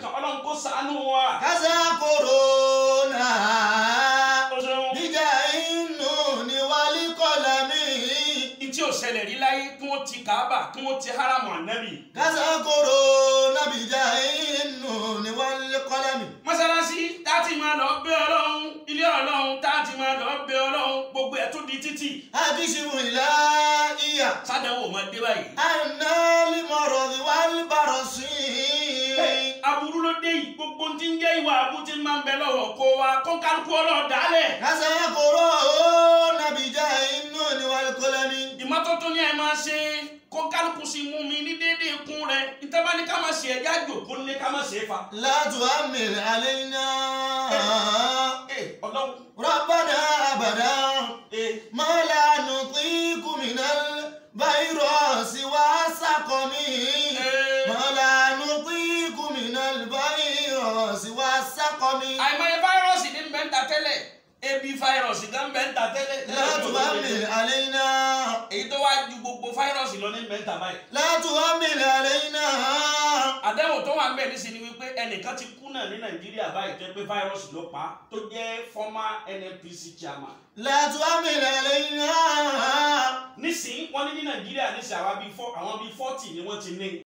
kan ọlọ́run kó ṣàánú wa. kásá kòrónà níjà inú ni wálé kọ́lá mi. ìtí ò ṣẹlẹ̀ rí láyé kí wọ́n ti kàábà kí wọ́n ti haramu ànábì. kásá kòrónà bìjà inú ni wálé kọ́lá mi. mọ́sálásí tá a ti máa lọ bẹ ọlọ́run ilé ọlọ́run tá a ti máa lọ bẹ ọlọ́run gbogbo ẹ̀ tún di títì. a bí ṣe wò ní láàyè. sádẹ́wò máa dé báyìí. àná lè gbogbo tí ń jẹ́ ìwà àbú tí máa ń bẹ lọ́wọ́ kó wa kó kálukú ọlọ́ọ̀ dálẹ̀. lásán kóró ó nàbìjà inú ni wà á ìmọ́tótó ni ẹ máa ṣe kó kálukú sí mú mi ní déédéé kún rẹ ìtẹ́bá ká máa ṣe ẹja jòkó ní ká máa ṣe é fa. látò àmì alẹ́ iná. rọ́bàdà àbàdà mọ́lá nù kí kùmìnà báyìí rọ̀ sí wa. sẹ́kọ̀ mi. àìmọye fáírọ́ọ̀sì ní bẹ́ńtà tẹ́lẹ̀ ebi fáírọ́ọ̀sì gan bẹ́ńtà tẹ́lẹ̀. látò wá mi àlẹ́ iná. èyí tó wá ju gbogbo fáírọ́ọ̀sì lọ ní bẹ́ńtà báyìí. látò wá mi àlẹ́ iná. àdéhùn tó wà ń bẹ̀ nísìn ni wípé ẹnìkan ti kú náà ní nàìjíríà báyìí jẹ́ pé fáírọ́ọ̀sì ló pa tó jẹ́ former NNPC chairman. látò wá mi àlẹ́ iná. nísìn wọ́n ní ní nàìjíríà nísìn àwọn bíi forty ni wọ́n ti ní